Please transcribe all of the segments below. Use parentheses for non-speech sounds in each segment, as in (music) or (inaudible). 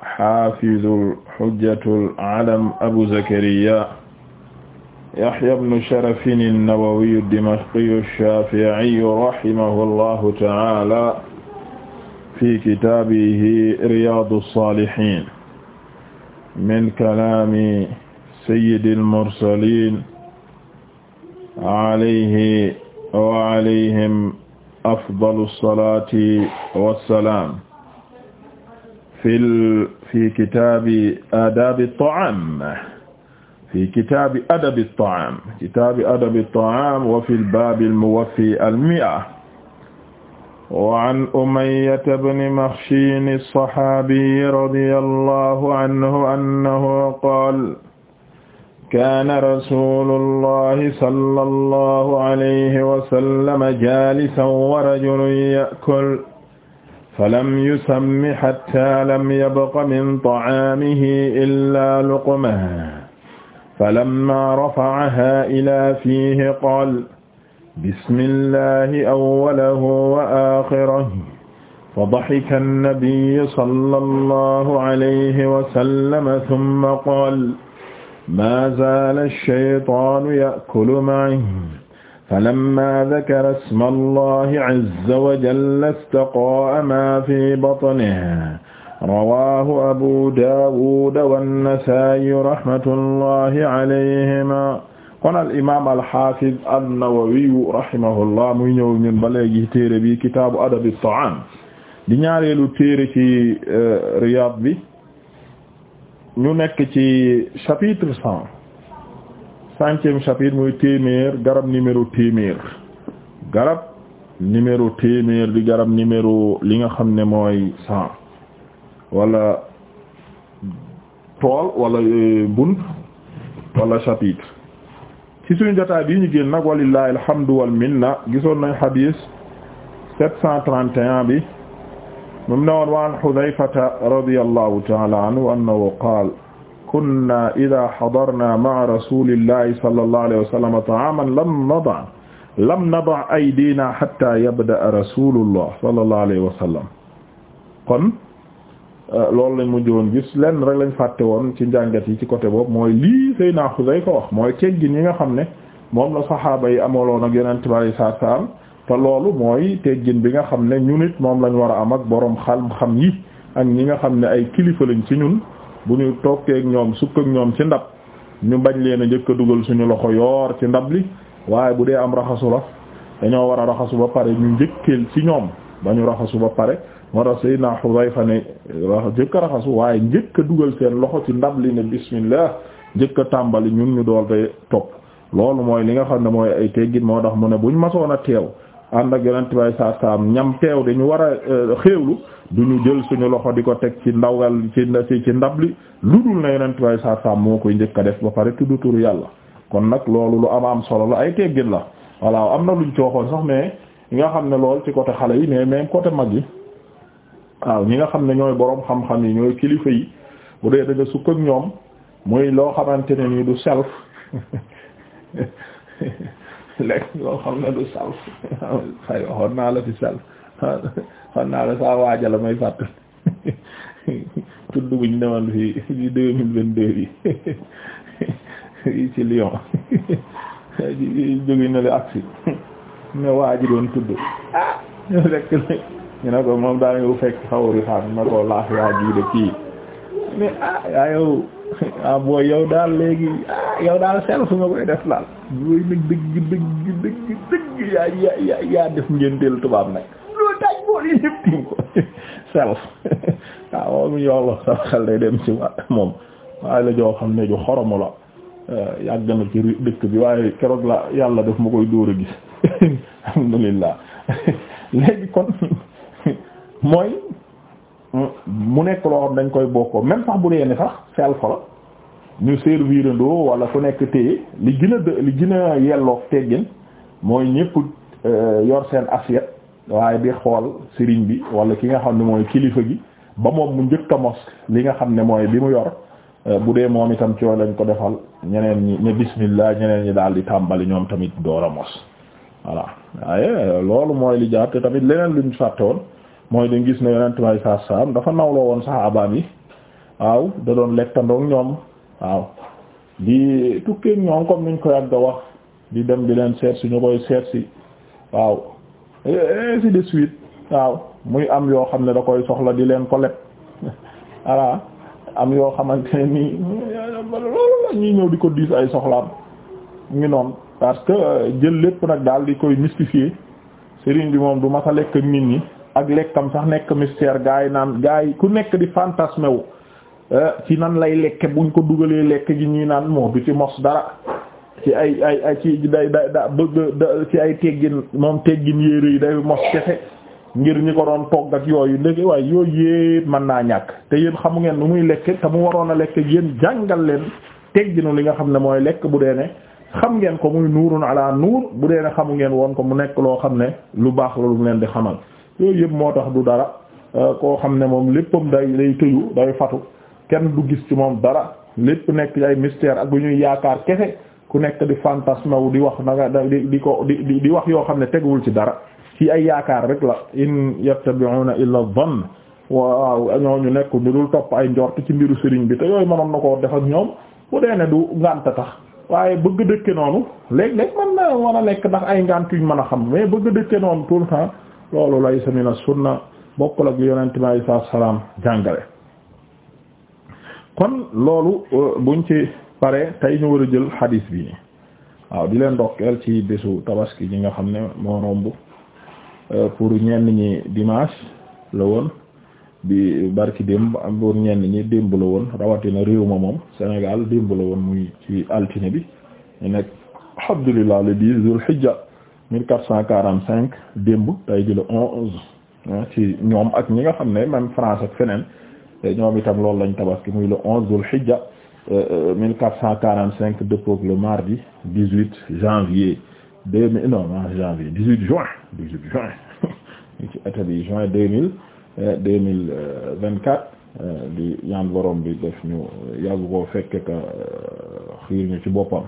xaafidul xujjatul alam abu zakariya yaxya ibnu sharafin an-nawawiyu ad-dimashqiyu ash-shaafi'iyu rahimahullahu ta'aala fi kitaabihi riyaadu saalihiin min kalaami sayyidil mursaliin alayhi wa alayhim afdalu salaati wa salaam fil fi kitaabi adabi ta'am fi kitaabi adabi ta'am kitaabi adabi ta'am wa fil baabil muwaffi al-mi'a wa an Umayyata bni Makhshin as-sahaabiyyi radiyallahu anhu annahu qaala kaana rasuulullahi sallallahu alayhi wa sallam jaalisan wa rajulun ya'kul falam yusammi hatta lam yabqa min ta'aamihi illaa luqmatan falammaa rafa'ahaa ilaa fiihi qaala bismillaahi awwalahu wa aakhirahu fadahika an-nabiyyu sallallahu alayhi wa sallam thumma qaala maa zaala ash-shaytaanu ya'kulu ma'i فلما ذكر اسم الله عز وجل استقاء ما في بطنه رواه أبو داود والنسائي رحمة الله عليهما kon al imaam al haafiz an-Nawawi rahimahullah muy ñëw ñun ba léegi téere bi kitaabu adabi at-ta'aam di ñaareelu téere ci euh, Riyaad bi ñu nekk ci chapitre cent cinquième chapitre muy téeméer garab numéro téeméer garab numéro téeméer di garab numéro li nga xam ne mooy cent wala tool wala euh, bunt wala chapitre ci suñu jotaay bi ñu génn nag walillahi alhamdu wal minna gisoon nañ hadis sept cent trente et un bi moom ne woon waan Hudhayfata radiyallahu ta'ala anhu annahu qaala kunna ida xadarna ma'a rasulillahi sallallahu alayhi wa sallam ta'aaman lam nada lam nada aydina hatta yabda'a rasulullah sallallahu alayhi wa sallam kon euh, loolu lañ mujj woon gis lenn rek lañ fàtte woon ci njàngat yi ci côté boobu mooy lii Seydina Xuzayfa wax mooy teggin yi nga xam ne moom la saxaaba yi amaloon ak Yonent bi alayhi salaatu loolu mooy teggin bi nga xam ne ñun moom lañ war a am ak boroom xam-xam yi ak ñi nga xam ne ay kilifa lañ ci ñun. bu ñu tokkeek ñoom sukk ak ñoom ci ndab ñu bañ leen a njëkk a dugal suñu loxo yoor ci ndab li waaye bu dee am raxasu la dañoo war a raxasu ba pare ñu njëkkeel ci ñoom ba ñu raxasu ba pare moo tax Seydina Xudayfa ne njëkk a raxasu waaye njëkk dugal seen loxo ci ndab li ne bismillah njëkk tàmbali ñun ñu dool te topp loolu mooy li nga xam ne mooy ay teggin moo tax mu ne buñ masoon a teew ànd ak yonent bay saa saam ñam teew dañu war a euh, xéewlu duñu jël suñu loxo di ko teg ci ndawgal ci ci ndab li lu dul na yonent bay saa saam moo koy njëkk a def ba pare tudd turu yàlla kon nag loolu lu am am solo la ay teggin la voilà am na luñ cooxoon sax mais ñi nga xam ne lool ci côté xale yi mais même côté mag yi waaw ñi nga xam ne ñooy boroom xam-xam yi ñooy kilifa yi bu dee da sukk ak ñoom muy loo xamante ne nii du self (laughs) lekk yoo xam ne du salf fay waxoon naa la fi salf waxoon naa la saa waajala may fàtt tudd buñ demal fii ci deux mille vingt-deux bi fii ci Lyon jóge na li aksi ne waa ji doon tudd ah ñu lekk ñu ne ko moom daa ñëw fekk xawari xaan na ko laax waa ji de kii mais ah yaa yow (laughs) ah booy yow daal léegi ah, yow daal self nga koy def laal yooyu nag dëgg dëgg dëgg dëgg yaa yaa yaa yaa def ngénteel tubaab nag loolu daaj bool yi yëpp tim ko (laughs) self waaw (laughs) ah, moom yow la sama xel day dem ci moom waaye la joo xam ne ju xoromu la eh, yàgg na ci dëkk bi waaye keroog la yàlla def ma koy dóor a gis alhamdulillah léegi kon mooy mu nekk loo xam dañ koy bokkoo même sax bu dee ne sax self la ñu servir ndoo wala ku nekk téye li gën a li gën a yelloog teggin mooy ñépp euh, yor seen assiette waaye bi xool sëriñ bi wala ki nga xam ne mooy kilifa gi ba moom mu njëkk a mos li nga xam ne mooy bi mu yor euh, bu dee moom itam ci lañ ko defal ñeneen ñi ne bismillah ñeneen ñi daal di tàmbali ñoom tamit door a mos voilà waaye loolu mooy li jaar te tamit leneen luñ fàtte woon mooy dañ gis na yonent may saa saam dafa nawloo woon saxaabaam yi waaw da doon lekkandoog ñoom waaw di tukkee ñoom comme niñ ko yàgg a wax di dem di leen seet si ñu koy seet si waaw muy am yoo xam ne da koy soxla di leen ko leb (laughs) am yoo xamante ne loolu la ñuy ñëw di ko diis ay soxlaam ngi noonu parce que jël lépp nag daal di koy mystifier sëriñ bi moom du mas a lekk ak nit ñi ak lekkam sax nekk mystère gaa yi naan gaa yi ku nekk di fantasme wu eh, ci nan lay lekke buñ ko dugalee lekk gi ñuy naan moo du ci mos dara ci ay ay ay ci day da da bëgg ci ay teggin moom teggin yéere yi day mos kese ngir ñi ko doon togg ak yooyu ndeke waaye yooyu yépp mën naa ñàkk te yéen xamu ngeen nu muy lekke te mu waroon a lekk yéen jàngal leen tegginu li nga xam ne mooy lekk bu dee ne xam ngeen ko muy na ala nuur bu dee ne xamu ngeen woon ko mu nekk loo xam ne lu baax la lu leen di xamal loolu yëpp moo tax du dara euh, koo xam ne moom léppam day day tëju day fatu kenn du gis ci moom dara lépp nekk ay mystère ak bu ñuy yaakaar kese ku nekk di fantasme wu di wax na nga di di ko di di wax yoo xam ne teguwul ci dara ci ay yaakaar rek la in yattabi'una illa dhann waaw ñooñu nekk ñu dul topp ay njort ci mbiru sëriñ bi te yooyu mënoon na koo def ak ñoom bu dee ne du ngànt tax waaye bëgg dëkke noonu léeg-léeg man na war a nekk ndax ay ngànt yuñ mën a xam mais bëgg dëkke tout le temps loolu laysa min as-sunna bokkul ak yonent bi alayhi salaam jàngale kon loolu euh, buñ ci pare tey ñu war a jël xadiis bi nii waaw di leen ndokkeel ci bésu tabaski ji nga xam ne moo romb euh, pour ñenn ñi dimanche la woon bi barki démb pour ñenn ñi démb la woon rawatina réew ma moom Sénégal démb la woon muy ci altine bi ñu nekk alhamdulillah le dix Dhul mille quatre cent quarante cinq démb tay ji le onze ci ñoom ak ñi nga xam ne même France ak feneen ñoom itam loolu lañ ki muy le onze dul hijja euh, euh, mille quatre cent quarante cinq dëppook le mardi dix huit janvier deux mille non janvier dix huit juin dix juin (laughs) ci bi juin deux mille euh, deux mille vingt quatre di ñaan borom bi def ñu yàgg koo fekk ka xiir ñu ci boppam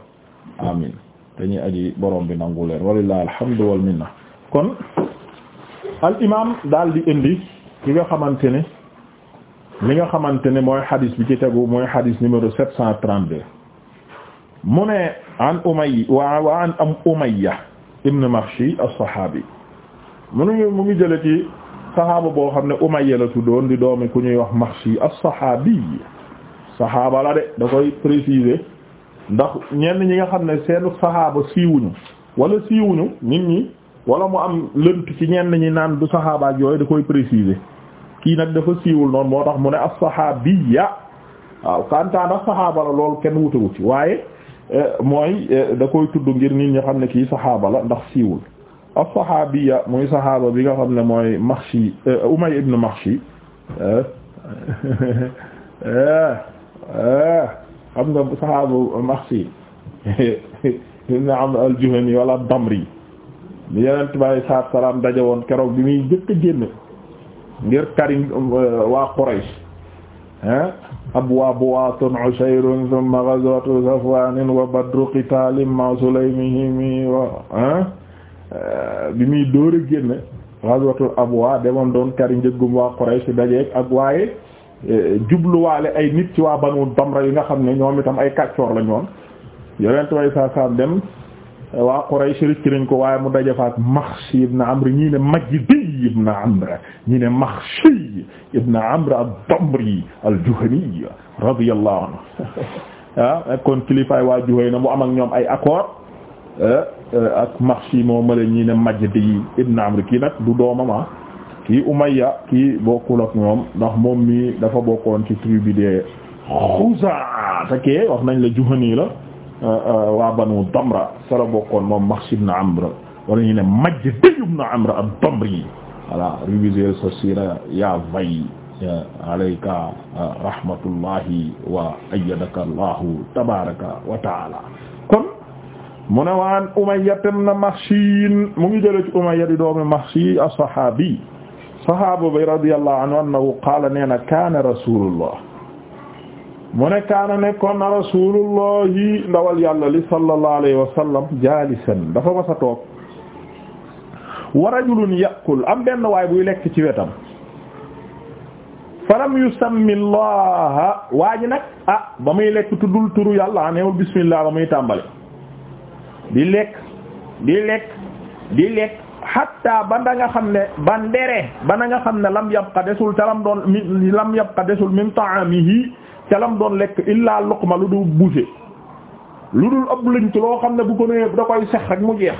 amin dañuy aji borom bi nangu leen walillahi alhamdu wal kon al imam daal di indi ki nga xamante ne li nga xamante ne mooy xadis bi ci tegu mooy xadis numéro sept cent trente-deux mu ne an Umayya wa wa an am Umayya ibn Makhshi as mu ngi mu ngi jële ci sahaaba boo xam ne Umayya la tuddoon di doomi ku ñuy wax Makhshi as-sahabi sahaaba la de da koy préciser ndax ñenn ñi nga xam ne seenu saxaaba siiwuñu wala siiwuñu nit ñi walla mu am lënt ci ñenn ñi naan du saxaaba ak yooyu da koy préciser kii nag dafa siiwul noonu moo tax mu ne ab saxaabiyya waaw kantaa ndax saxaaba la loolu kenn wutewu ci waaye eh, mooy eh, da koy tudd ngir nit ñi xam ne kii saxaaba la ndax siiwul as-saxaabiyya muy saxaaba bi nga xam ne mooy Maxshi eh, Umay ibn Maxshi (laughs) xam nga sahabu Maxsi ibn Amr al wala Damri bi yenent bi alei salaam daje woon keroog bi muy jëkk a ngir kari waa Quraysh ah abwaabu waatun ushayrun thumma safwanin wa badru qitaalin ma sulaymihimi wa bi muy dóor a génn ghazwatu abwaa demoon doon kari njëggum waa Quraysh dajeeg ak waaye jubluwaale ay nit ci waa banu damra yi nga xam ne ñoom itam ay kàccoor la ñoon yonent way saa saa dem waa Quraysh rëcc nañ ko waaye mu dajafaat Maxshi ibn Amr ñii ne Majdi ibn Amr ñii ne Maxshi ibn Amr ad-Damri al-Juhani radiyallahu anhu (laughs) ah kon kilifaay waa Juhayna mu am ak ñoom ay accord eh, eh, ak Maxshi moo ma la ñii ne Majdi ibn Amr kii nag du doomam ah. kii Umayya kii bokkul ak moom ndax moom mi dafa bokkoon ci tribu de Xuzaa te kee wax nañ la Juhani la euh, euh, waa Banu Damra sala bokkoon moom Maxsi ibn Amr wala ñu ne Majdi ibn Amr ad-Damri voilà réviser sa siira yaa vay alayka euh, rahmatullahi wa ayyadaka Allahu tabaraka wa taala kon mu ne waan Umayya ibn Maxsin mu ngi jëlee ci Umayya di doomi Maxsi as-Sahabi sahaaba bi radiyallahu anhu annahu qaala nee na kaana rasulullah mu ne kaana nekkoon na rasulullahi ndawal yàlla li sallallahu alayhi wa sallam jaalisan dafa mas a toog wa rajulun yaqul am benn waay buy lekk ci wetam falam yusammi llaha waa ji nag ah ba muy lekk tuddul turu yàlla ah, neewul bismillah ba muy tàmbale di lekk di lekk di lekk hatta ba da nga xam ne ba ndere ba na nga xam ne lam yabqa desul ca lam doon mi lam yabqa desul min ta'amihi ca lam doon lekk illa illaa ma lu dul bouché lu dul ab lënt loo xam ne bu ko nee da koy sex rek mu jeex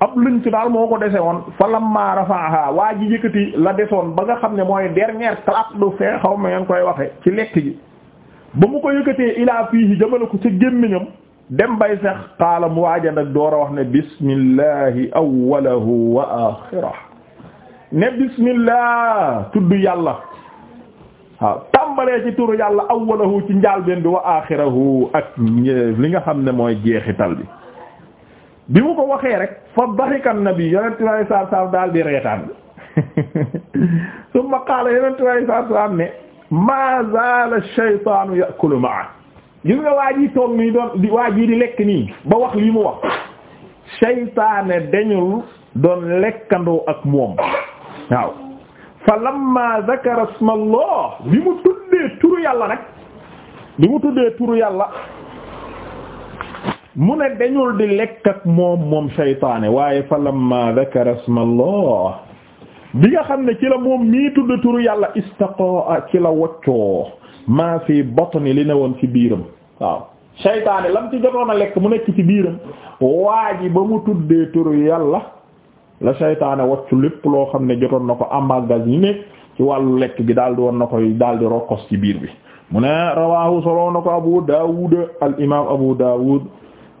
ab lënt daal moo ko dese woon fa lamma rafa'aha waa ji yëkkati la desoon ba nga xam ne mooy dernière clap de fin xaw ma ngeen koy waxe ci lekk gi ba mu ko yëkkatee ilaa fii yi jëmale ko ca gémmiñam dem bay sax xaala mu waaja nag door a wax ne bismillahi awwalahu wa axirah ne bismillah tudd yàlla waaw tàmbalee ci turu yàlla awwalahu ci njaalbeen bi wa axirahu ak li nga xam ne mooy jeexital bi bi mu ko waxee rek fa daxika nabi yonentu way saar saar daal di reetaan (laughs) summa qaala yonentu way saar saar ne ma zaala shaytaanu ya'kulu ma'a gis nga waa ji toog nii doon di waa di lekk nii ba wax lii mu wax seytaane dañul doon lekkandoo ak moom waaw fa lamma zakara ismallah bi mu tuddee turu yàlla nag bi mu tuddee turu yàlla mu ne dañul di lekk ak moom moom seytaane waaye fa lamma zakara ismallah bi nga xam ne ci la moom mii tudd turu yàlla istaqaa ci la woccoo ma fi batni li ne woon ci biiram waaw seytaane lam ci jotoon a lekk mu nekk ci biiram waa ba mu tuddee turu yàlla la seytaane waccu lépp loo xam ne jotoon na ko emmagasiné ci wàllu lekk gi daal di woon na koy daal di rokkos ci biir bi mu ne rawahu soloo na ko abu daawud al imam abu daawud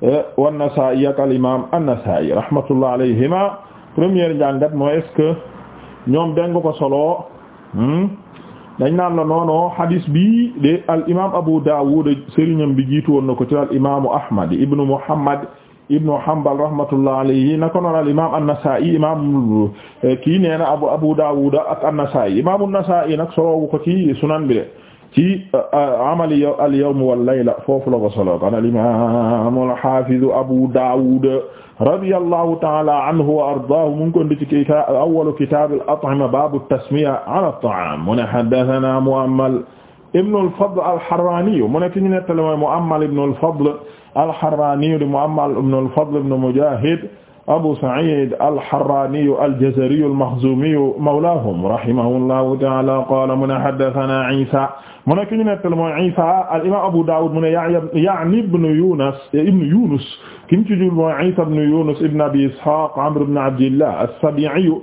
eh, wa nasaa'i ak al imam an-nasaa'i rahmatullah alayhima njàngat mooy est que ñoom deng ko solo hmm? dañ naan la noono hadis bi de al imam Abu Dawud sëriñam bi jiitu woon na ko ci al imaamu Ahmad ibnu Muhammad ibnu Hanbal rahmatullah alayhi naka al imam an-Nasa'i imam eh, kii nee na Abu Abu Dawud ak an-Nasa'i imam an-Nasa'i nag solowu ko ci sunan bi de ci euh, amali al yawm wal layla foofu la ko solo kon al imam al hafiz abu dawud radiyallahu ta'ala anhu wa ardaahu mu ngi ko indi ci kitab awwal kitab al at'ima bab at tasmiya ala at ta'am mu ne haddathana mu'ammal ibn al fadl al harrani mu ne ki ñu nettali mooy mu'ammal ibn al fadl al harrani di mu'ammal ibn al fadl ibn mujahid Abu Sa'id al-Harraniyu al-Jazariyu al-Makhzumiyu mawlaahum rahimahullahu ta'ala qaala mu ne haddathana Isa mu ne ki ñu nettal mooy Isa al-imam Abu Dawud mu ne ya'ni ibn Yunus ibn Yunus ki ñu ci jul mooy Isa ibn Yunus ibn Abi Ishaq Amr ibn Abdillah as-Sabi'iyu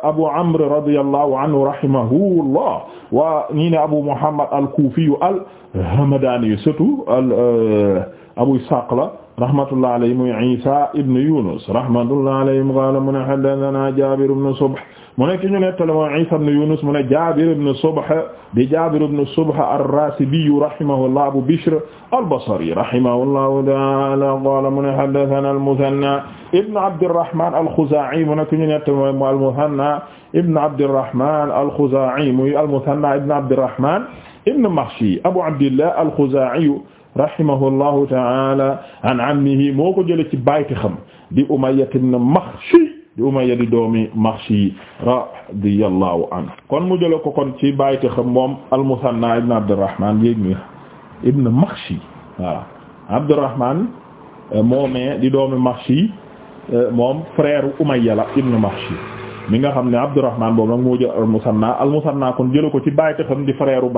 Abu Amr radiyallahu anhu rahimahullah wa ñi ne Abu Muhammad al-Kufiyu al-Hamdaniyu surtout euh, Abu Ishaq la rahmatullah alayhi muy Isa ibn Yunus rahmatullah alayhi qala mu ne haddathana Jabir ibn Subh mu ne ki ñu nettale mooy Isa ibn Yunus mu ne Jabir ibn Subh di Jabir ibn Subh ar-Rasibi rahimahullah Abu Bishr al-Basri rahimahullahu ta'ala qala mu ne haddathana al-Muthanna ibn Abdirrahman al-Khuza'i mu ne ki ñu nettale mooy al-Muthanna ibn Abdirrahman al-Khuza'i muy al-Muthanna ibn Abdirrahman ibn Makhshi Abu Abdillah al-Khuza'i rahimahullahu ta'ala an ammihi moo ko jëlee ci bayti di Umayya ibn Makhshi di Umayya di doomi Makhshi radiyallahu kon mu jël ko kon ci bayti moom al-Musanna ibn Abdurrahman yéeg ibn Makhshi waaw Abdurrahman euh, moomee di doomi Makhshi euh, moom frère Umayya la ibn Makhshi mi nga xam ne Abdurrahman boobu nag moo jël al-Musanna kon jëla ko ci baay di frère u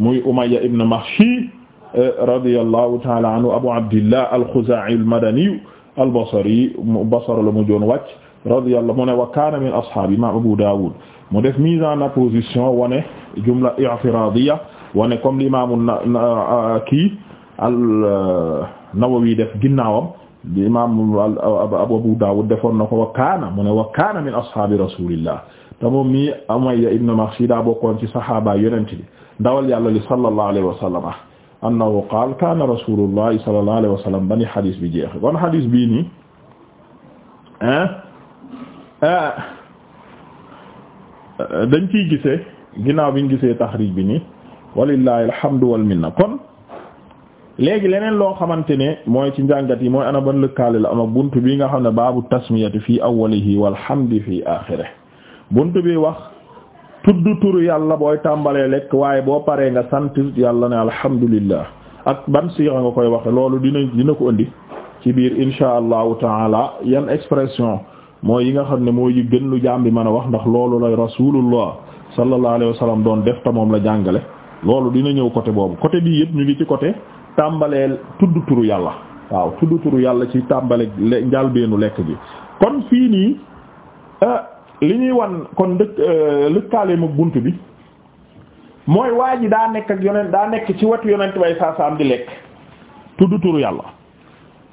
muy Umayya ibn Makhshi radiyallahu ta'ala anhu abu abdillah al-Khuzaa'i al-Madani al-Basri Basra la mu joon wàcc radiyallahu mu ne wa kaana min ashaabi imaam Abu Daawud mu def mise en opposition wane jumla i'tiraadiyya wane comme l'imam kii an-Nawawi def ginnaawam di imam Abu Daawud defoon na ko wa kaana mu ne wa kaana min ashaabi rasuulillah te moom mii Umayya ibn Maxsida bokkoon ci saxaaba yonent bi ndawal yàlla li sallallahu alayhi wa sallam annahu qaala kaana rasuulullahi sallallahu alayhi wa sallam bani xadis bi jeex kon xadis bii ni dañ ciy gisee ginnaaw biñ gisee taxrij bi ni walillahi alhamdu wal kon léegi leneen loo xamante ne mooy ci njàngat yi mooy ana ban lëkkaale la am bunt bi nga xam ne baabu tasmiyati fii awwalihi walhamdi fii aaxirihi bunt bi wax tudd turu yàlla booy tàmbalee lekk waaye boo paree nga sant yàlla ne alhamdulillah ak ban siira nga koy waxe loolu dina dina ko indi ci biir insha allahu taala yan expression mooy yi nga xam ne mooy yi gën lu jaam bi man a wax ndax loolu la rasulullah sallallahu alayhi wa sallam doon def te moom la jàngale loolu dina ñëw côté boobu côté bii yëpp ñu ngi ci côté tàmbaleel tudd turu yàlla waaw tudd turu yàlla ci tàmbale njàlbeenu lekk bi kon fii nii ah, li ñuy wan kon dëkk euh, lëkkaale mu bunt bi mooy waa ji daa nekk ak yonent daa nekk ci wetu yonent bay saasaam di lekk tudd turu yàlla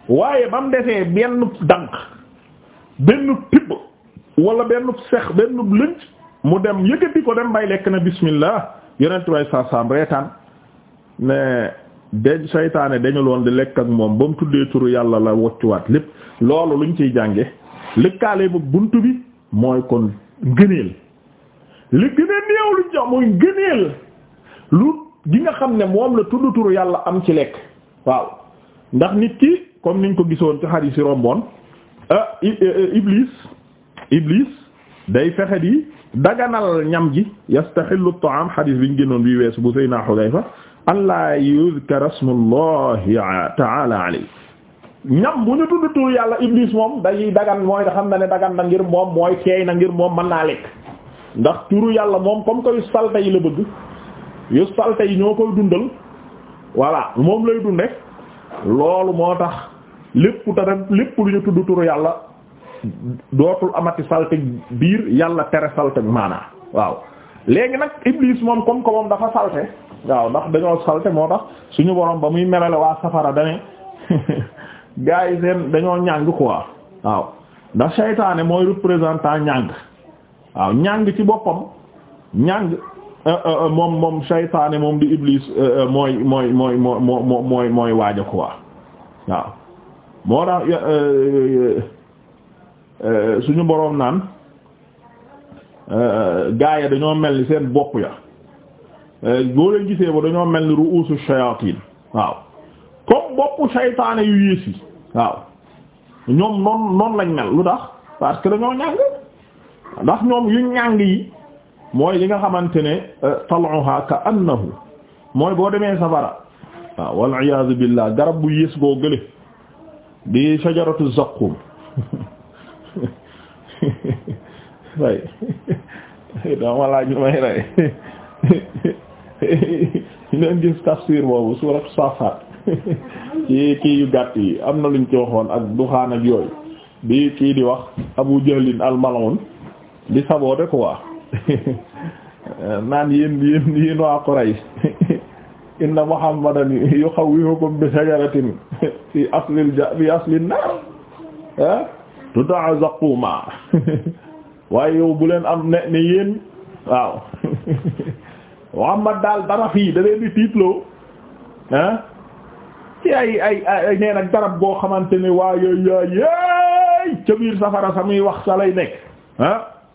waaye ba mu defee benn dank benn tibb wala benn sex benn lënc mu dem yëkkati ko dem bay lekk na bismillah yonent bay saasaam reetaan ne de seytaane dañu loon di lekk ak moom ba mu tuddee turu yàlla la woccuwaat lépp loolu luñ ciy jànge lëkkaale bunt bi mooy kon ngëneel li gën a néew lu jox mooy ngëneel lu gi nga xam ne moom la tudd turu yàlla am ci lekk waaw ndax nit ki comme niñ ko gisoon ci xadiis yi romboon ah iblis iblis day fexe di daganal ñam ji yastaxillu at-ta'am xadiis biñ génnoon bi weesu bu Seydina Xudayfa an la yuzkara ismullahi ta'ala alayhi ñam bu ñu tudd tur yàlla iblis moom dañuy dagan mooy xam na ne dagan na ngir moom mooy teey na ngir moom man naa lekk ndax turu yàlla moom comme que yu yi la bëgg yu salte yi ñoo moom lay dunde loolu moo tax lépp tara lépp lu ñu tudd yàlla dootul amati salte biir yàlla tere salte bi maanaa waaw nag iblis moom comme moom dafa salte waaw ndax dañoo salte moo tax suñu borom ba muy melale waa safara dane (laughs) gaa yi seen dañoo ñàng quoi waaw ndax seytaane mooy représentant ñàng waaw ñàng ci boppam ñàng euh, euh, euh, moom moom seytaane moom di iblis mooy mooy mooy moo moo mooy mooy waaja quoi waaw moo suñu boroom naan gaa ya dañoo mel ni seen bopp ya boo leen gisee ba dañoo mel ni ru'usu shayatin waaw comme boppu seytaane yu yées yi waaw ñoom noonu noonu lañ mel lu tax parce que dañoo ñàng ndax ñoom yu ñàng yi mooy li nga xamante ne euh, tal'uha ka annahu mooy boo demee safara waaw wal iyaazu billah garab bu yées boo gële di shajaratu zaqum (laughs) way (laughs) dama laaj lu may rey leen (laughs) gis tafsir boobu suuratu safat ci kii yu gàtt yi am na luñ ci waxoon ak duxaan ak yooyu bi kii di wax Abu Jahlin al-mal'un di saboote quoi (laughs) naan yéen yéen yéen waa Quraysh (laughs) inna Muhammadan yukhawwifukum bi shajaratin (laughs) fi aslil ja fi aslin nar ah tud'a waaye yow bu leen am ne ne yéen waaw Muhammad daal dara fii da di tiitloo ah ci ay ay ay nee garab boo xamante ne waa yooyu yaay ca biir safara sa wax sa lay nekk ah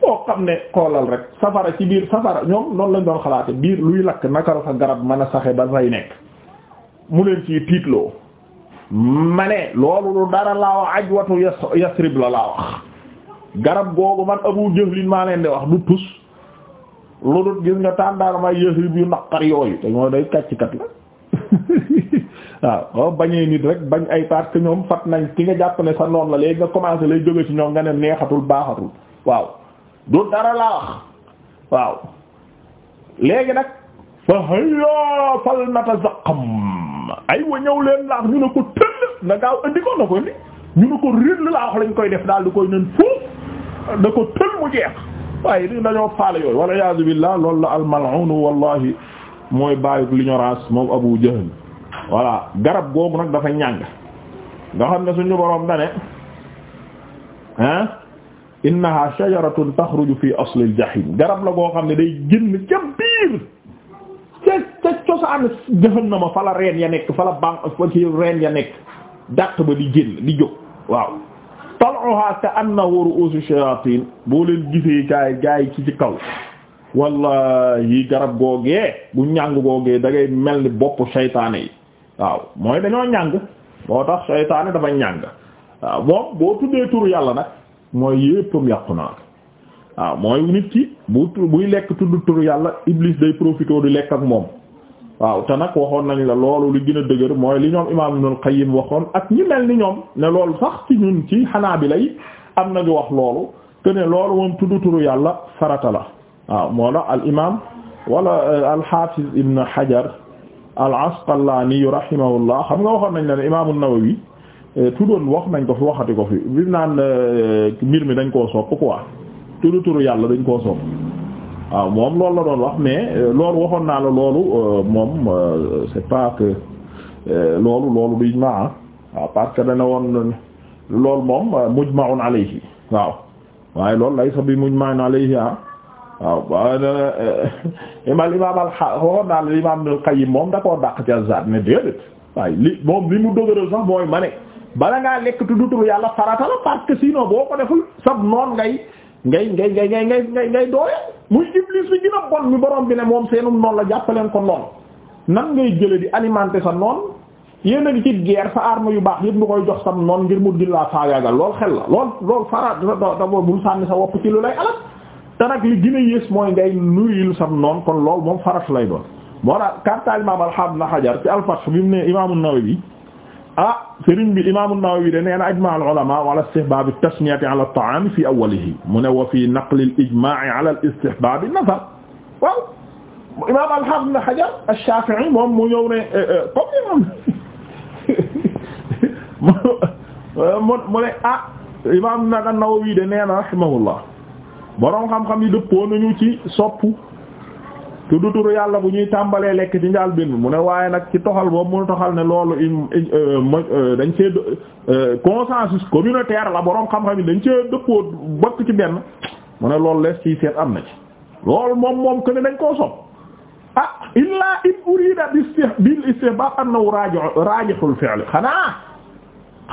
boo xam ne xoolal rek safara ci biir safara ñoom noonu lañ doon xalaat biir luy lakk naka la fa garab mën a saxe ba say nekk mu leen ci tiitloo ma ne loolu lu dara laa wax ajwatu yas yasrib la laa wax garab googu man abu jëflin maa leen wax du tus lu dul gis nga tàndaar may yasrib yu naqar yooyu te ñoo day kàcc kat la (laughs) waaw boo bañee nit rek bañ ay parce que ñoom fat nañ ki nga jàpp ne sa noon la léegi nga commencé lay jóge ci ñoom nga ne neexatul baaxatul waaw du dara laa wax waaw léegi nag fa hayya fal natazaqam ay wa ñëw leen laax ñu ne ko tëll na gaaw indi na ko indi ñu ne ko réll laa wax lañ koy def daal di koy nen foof da ko tëll mu jeex waaye di dañoo faale yooyu wala yaazu billah loolu la wallahi mooy bàyyuk l'ignorance moom Abu Jahl voilà garab googu nag dafa ñàng nga xam ne suñu boroom dane ah innaha shajaratun taxruju fi aslil jahim garab la goo xam ne day génn ca biir ca ca cosaan jahannama fa la reen ya nekk fa la banq fa ci reen ya nekk dàq ba di génn di jóg waaw tal'uha ka'annahu ru'usu shayatin boo leen gisee gaay gaay ci ci kaw wallahi garab googee bu ñàng googee da mel ni bopp seytaane yi waaw mooy dañoo ñàng moo tax seytaane dafa ñàng waaw moom boo tuddee turu yàlla nag mooy yéppam yàqu naa waaw mooy nit ci bu tu buy lekk tudd turu yàlla iblis day profité di lekk ak moom waaw te nag waxoon nañ la loolu li gën a dëgër mooy li ñoom imaam Ibnul Qayyim waxoon ak ñi mel ni ñoom ne loolu sax ci ñun ci xanaa bi lay am na nañu wax loolu te ne loolu moom tudd turu yàlla farata la waaw moo la al imaam wala euh, al xaafiz ibn Hajar al Asqalaani rahimahullah xam nga waxoon nañ la ne imaamu Nawawi euh, tuddoon wax nañ ko fi waxati ko fi bi naan euh, mbir mi dañ koo sopp quoi turu turu yàlla dañ koo sopp waaw moom loolu la doon wax mais loolu waxoon naa la loolu moom c'est pas que loolu loolu duñ ma ah. waaw parce que dana woon loolu moom mujma'un alayhi waaw waaye loolu laysa bi mujma'un alayhi ah. waaw ba euh, euh, imal imam alxa waxoon naa la imam al Qayyim moom da koo dàq ci azad ne déedéet waaye li moom li mu dëgëral sax mooy ma ne bala ngaa lekk tudd turu yàlla farata la parce que sinon boo ko deful sab noon ngay ngay ngay ngay ngay ngay ngay ngay doole muy iblis bi gën a bon mi borom bi ne moom seenum noonu la jàppaleen ko noonu nan ngay jële di alimenter sa noon yéen a ngi ci guerre sa arme yu baax yëpp nga koy jox sam noon ngir mu di laa faagaagal lool xel la lool lool fara da bul sànni sa wopp ci lu lay alal te nag li gën a yées mooy ngay nuyul sam noon kon loolu moom farat lay doon moo tax kartal imaam alhamna xajar ci alfath bi mu ne imaamu Nawawi ah sëriñ bi imaamu Nawawi da nee na ijma al ulama ala istihbab at tasniyati ala at ta'am fi awwalihi mu ne wa fi naql al ijma ala al istihbab nazar waaw imaam alhamna xajar ash-Shafi'i moom mu ñëw ne eh, eh, comme imam (laughs) mu ne ah imam Nawawi de nee na rahimahullah boroom xam-xam yi dëppoo nañu ci soppu tudd turu yàlla bu ñuy tàmbalee lekk ci njaal bind mu ne waaye nag ci toxal boobu mu toxal ne loolu euh, euh, dañ cee euh, consensus communautaire la boroom xam-xam yi dañ cee dëppoo bokk ci benn mu ne loolu lees ciy seet am na ci loolu moom moom que ne dañ koo sopp ah illaa in urida bil istihbab annahu rajihul fi'l xanaa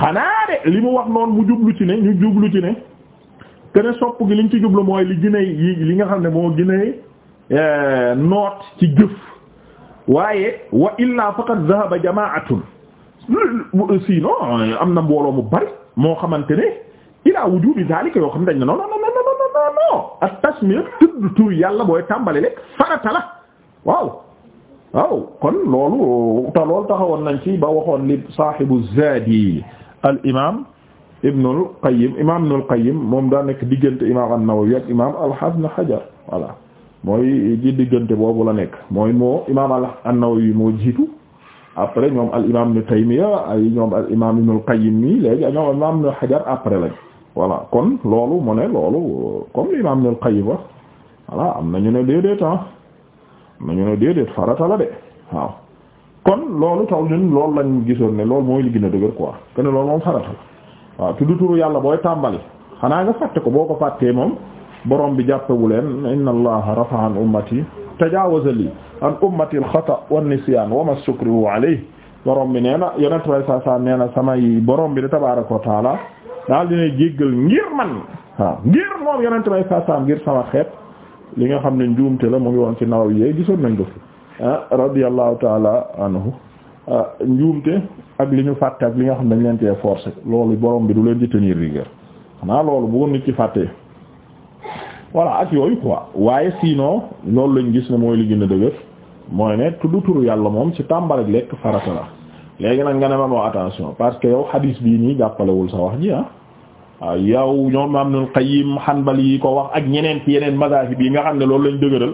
xanaa de li mu wax noonu mu jublu ci ne ñu jublu ci ne kene sopp gi liñ ci jublu mooy li gën a li nga xam ne moo gën a eh, noot ci jëf waaye wa illaa faqad dhahaba jamaatun sinon am na mbooloo mu bari moo xamante ne ilaa wujubi zalika yoo xam dañ ne non non non non non tudd tur yàlla booy tàmbali rek farata la waaw kon loolu te loolu taxawoon nañ ci ba waxoon li saahibu zaadi al imam Ibnul Qayyim imaam Ibnul Qayyim moom daa nekk diggante imaam an-Nawawi ak imaam al-Hafiz Ibn Hajar voilà mooy ji diggante boobu la nekk mooy moo imaam an-Nawawi moo jiitu après ñoom al imaam Ibn Taymiyya ay ñoom al imaam Ibnul Qayyim nii léegi ak ñoom imaam Ibn Hajar après lañ voilà kon loolu mu ne loolu comme li imaam Ibnul Qayyim wax voilà am na ñu ne déedéet ah am na ñu ne déedéet farata la de waaw kon loolu taw ñun loolu lañ gisoon ne loolu mooy li gën a dëgër quoi que ne loolu moom farata la. waaw tudd turu yàlla booy tàmbali xanaa nga fàtte ko boo ko fàttee moom borom bi jàppewu leen inna allaha rafa'a an ummati tajaawaza li an ummati al-xata wa an-nisyaan wa ma sukrihu alayhi borom bi nee na yonent way saa saa nee na samay borom bi da tabaaraka wa taala daal dina jéggal ngir man waaw ngir moom yonent way saa ngir sama xeet li nga xam ne njuumte la mu ngi woon ci naw yee gisoon nañ ko fi ah taala anhu Euh, njuumte ak li ñu fàtte ak li nga xam ne dañ leen tee forcé loolu borom bi du leen ci tenir rigueur xanaa loolu bu ko nit ci fàttee voilà ak yooyu quoi waaye sinon loolu lañu gis ne mooy li gën a dëgër mooy ne tudd turu yàlla moom ci tàmbaleg lekk farata la léegi nag nga ne ma moo attention parce que yow hadis bii nii jàppalewul sa wax ji ah waaw ah, yow ñoom Ibnul Qayyim Hanbali yi ko wax ak ñeneen yeneen mazahib bii nga xam ne loolu lañ dëgëral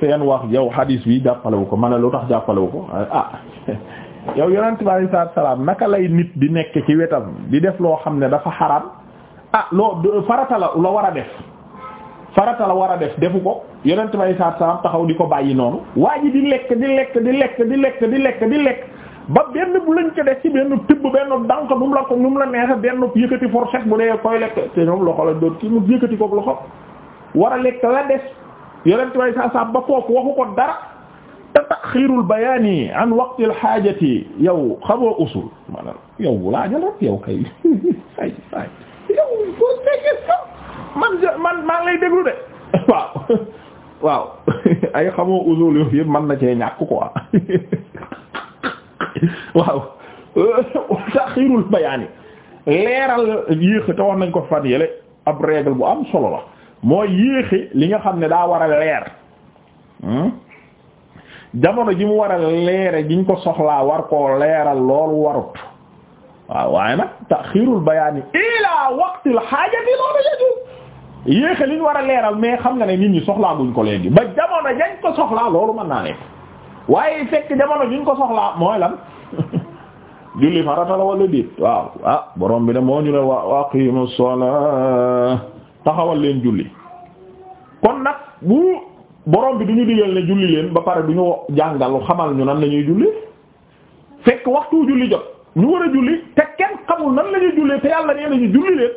seen wax yow hadis bi jàppalewu ko ma ne lu tax jàppalewu ko ah (laughs) yow yonent bi alayhi salaatu salaam naka lay nit di nekk ci wetam di def loo xam ne dafa xaraam ah loo farata la la war a def farata la war a def defu ko yonent bi alayhi salaatu salaam taxaw di ko bàyyi noonu waa ji di lekk di lekk di lekk di lekk di lekk di lekk ba benn bu lañ ko def ci benn tibb benn dànk bu mu la ko nu mu la neexe benn yëkkati fourchette bu dee koy lekk te ñoom loxo la doon kii mu yëkkati ko loxo war yonent way saa saam ba foofu waxu ko dara te taxiirul bayaani an waqtil xaajati yow yow kay ay ay yow boo nekkee sax man man maa ngi lay ay xamoo usul yooyu yëpp mën na cee ñàkk quoi waaw taxiirul bayaani leeral yéex te wax nañ ko fan yële ab règle bu am solo la. mooy yéexi li nga xam ne daa war a leer hmm? jamono ji mu war a leere giñ ko soxlaa war koo leeral loolu warut waaw waaye nag taxiirul bayaani ilaa waqtil xaajati loolu yëtu yéexe liñ war a leeral mais xam nga ne nit ñi soxlaa guñ ko léegi ba jamono jañ ko soxlaa loolu mën naa ne waaye fekk jamono juñ ko soxlaa mooy lan (laughs) julli farata la wala déet waaw ah borom bi de moo ñu ne wa aqimu salaa taxawal leen julli kon nag bu borom bi du ñu digal ne julli leen ba pare du ñu jàngalu xamal ñu nan la ñuy julli fekk waxtu julli jot ñu war a julli te kenn xamul nan la ñuy te yàlla nee nañu julli leen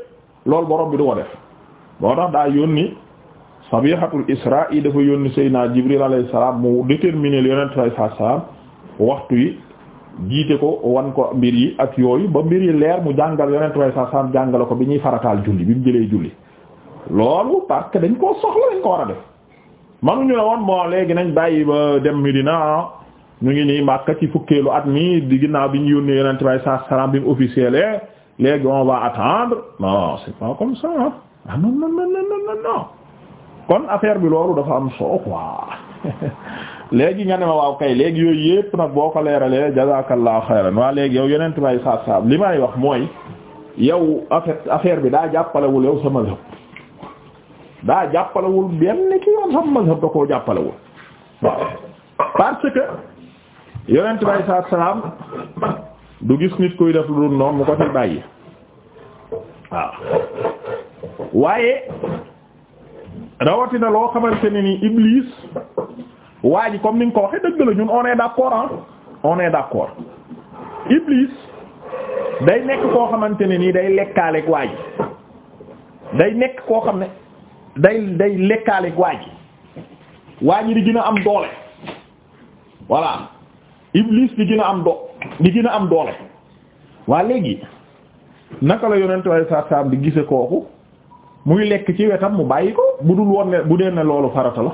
loolu borom bi du ko def moo tax daa yónni sabihatul isra yi dafa yónni Seydina Jibril alayhi salaam mu déterminer yonent alayhi salaam waxtu yi jiite ko wan ko mbir yi ak yooyu ba mbir yi leer mu jàngal yonent alayhi salaam jàngale ko bi ñuy farataal julli bi mu jëlee julli loolu parce que dañ koo soxla dañ ko war a def manuñu la woon moo léegi nañ bàyyi ba dem Medina ñu ngi nii Makka ci fukkeelu at mi di ginnaaw bi ñu yónnee yonent bay sa salam bi mu officiel kon affaire bi loolu dafa am soo quoi (laughs) léegi nga ne ma waaw kay léegi yooyu yépp nag boo ko leeralee jazakallahu xayran waa léegi yow yonent bay sa salam li may wax mooy yow affaire affaire bi daa jàppalewul yow sama lépp daa jàppalewul benn ci yoon sama mazhab da koo jàppalewul parce que yonent bi saa salaam du gis nit kuy def lu dul noonu mu ko ci bàyyi waaw waaye rawatina loo xamante ne ni Iblis waa ji comme ni nga ko waxee dëgg la ñun on est d'accord hein on est day nekk koo xamante ne nii day lekkaaleeg waa ji day nekk koo xam ne day day lekkaale waa ji waa ji di gën a am doole voilà iblis di gën a am do di gën a am doole waa léegi naka la yonent way sa saam di gise kooku muy lekk ci wetam mu bàyyi ko bu dul woon bu dee ne loolu farata la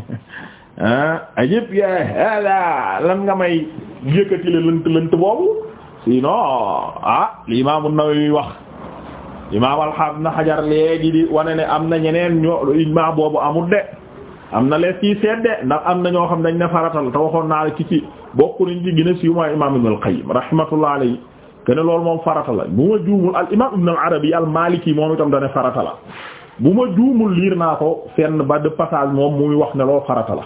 (laughs) ah ajib ya lan nga may yëkkati la lënt lënt boobu sinon ah l'imam an-Nawawi wax imaam alxaam na xajar léegi di wane ne am na ñeneen ño ijmaa boobu amul de am na lees ciy seet de ndax am na ñoo xam dañ ne faratal te waxoon naa ci ci bokk nañ ci gën a siiw mooy imaam ibn al-Qayyim rahmatullah alayhi te moom farata la bu ma juumul al imaam ibn al-Arabi al-Maliki moom itam da ne farata la bu ma juumul liir naa ko fenn ba de passage moom muy wax ne loolu farata la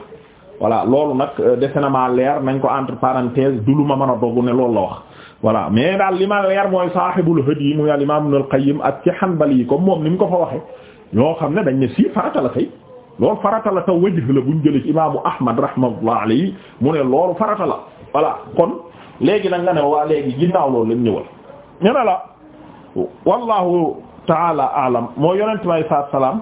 voilà loolu nag euh, defe na maa leer nañ ko entre parenthèse ma mën a dogu ne loolu la wax. voilà mais daal li ma leer mooy saahibul hadi muy al imam Ibnul Qayyim ak ci Hanbali yi comme moom ni mu ko fa waxee ñoo xam ne dañ ne sii farata la kay loolu farata la taw wajh la buñ jëlee ci imaamu Ahmad rahmatullah alayhi mu ne loolu farata la voilà kon léegi nag nga ne waa léegi ginnaaw loolu lañ ñëwal ñu ne la wallahu taala alam moo yonent may saat salaam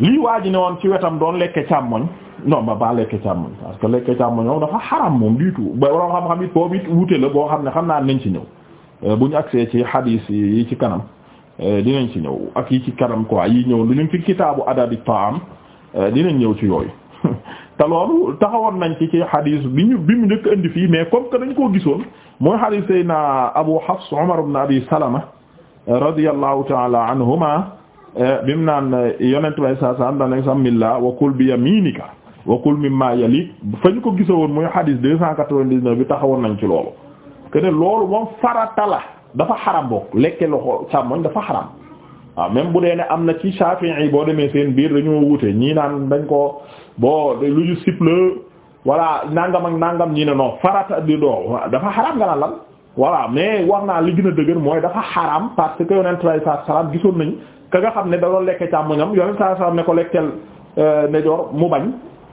lii waa ji ne woon ci wetam doon lekke càmmoñ non ba baa lekk càmmoñ parce que dafa xaram moom du ba waroo xam-xam it boobu it boo xam ne xam naa nañ ci ñëw euh, bu ñu agsee ci hadis yi ci kanam euh, dinañ ci ñëw ak yi ci kanam quoi yi ñëw lu ñu ci kitaabu adadi taam euh, dinañ ñëw ci yooyu (laughs) te loolu taxawoon nañ ci ci hadis bi ñu bi mu njëkk indi fii mais comme que dañ koo gisoon mooy hadis sayna Abu Hafs Umar ibn Abi Salama radiyallahu ta'ala anhuma bim naan yonent bay saa saa am daan wa kul bi yaminika wakul mimma yalik fa ñu ko gisawoon muy hadis deux cent quatre-vingt-dix-neuf bi taxawoon nañ ci loolu que loolu moom farata la dafa xaram boog lekke loxo càmmoñ dafa xaram waaw même bu dee ne am na ci Shafi'i boo demee seen biir dañoo wute ñii naan dañ ko bo lu ñu sible voilà nangam ak nangam ñii ne non farata di dafa xaram nga naan lan mais wax naa li gën a dëgër mooy dafa xaram parce que yonent sallallahu alayhi wasallam gisoon nañ ka nga xam ne da doon lekke càmmoñam yonent sallallahu alayhi wasallam ne ko lekkel euh, ne joor mu bañ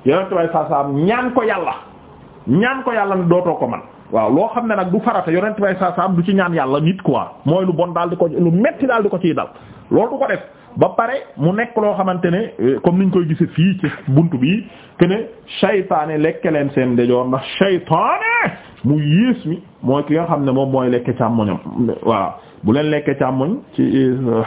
yonent bay saa saam ñaan ko yàlla ñaan ko yàlla ne dootoo ko man waaw loo xam ne nag du farata yonent bay saa saam du ci ñaan yàlla nit quoi mooy lu bon daal di ko lu metti daal ko ciy dal loolu du ko def ba pare mu nekk loo xamante ne eh, comme niñ koy gisee fii ci bunt bi que ne saytaane lekke leen seen ndejoor ndax saytaane mu yées mi mooy ki nga xam ne moom mooy lekke càmmoñam waaw bu leen lekkee càmmoñ ci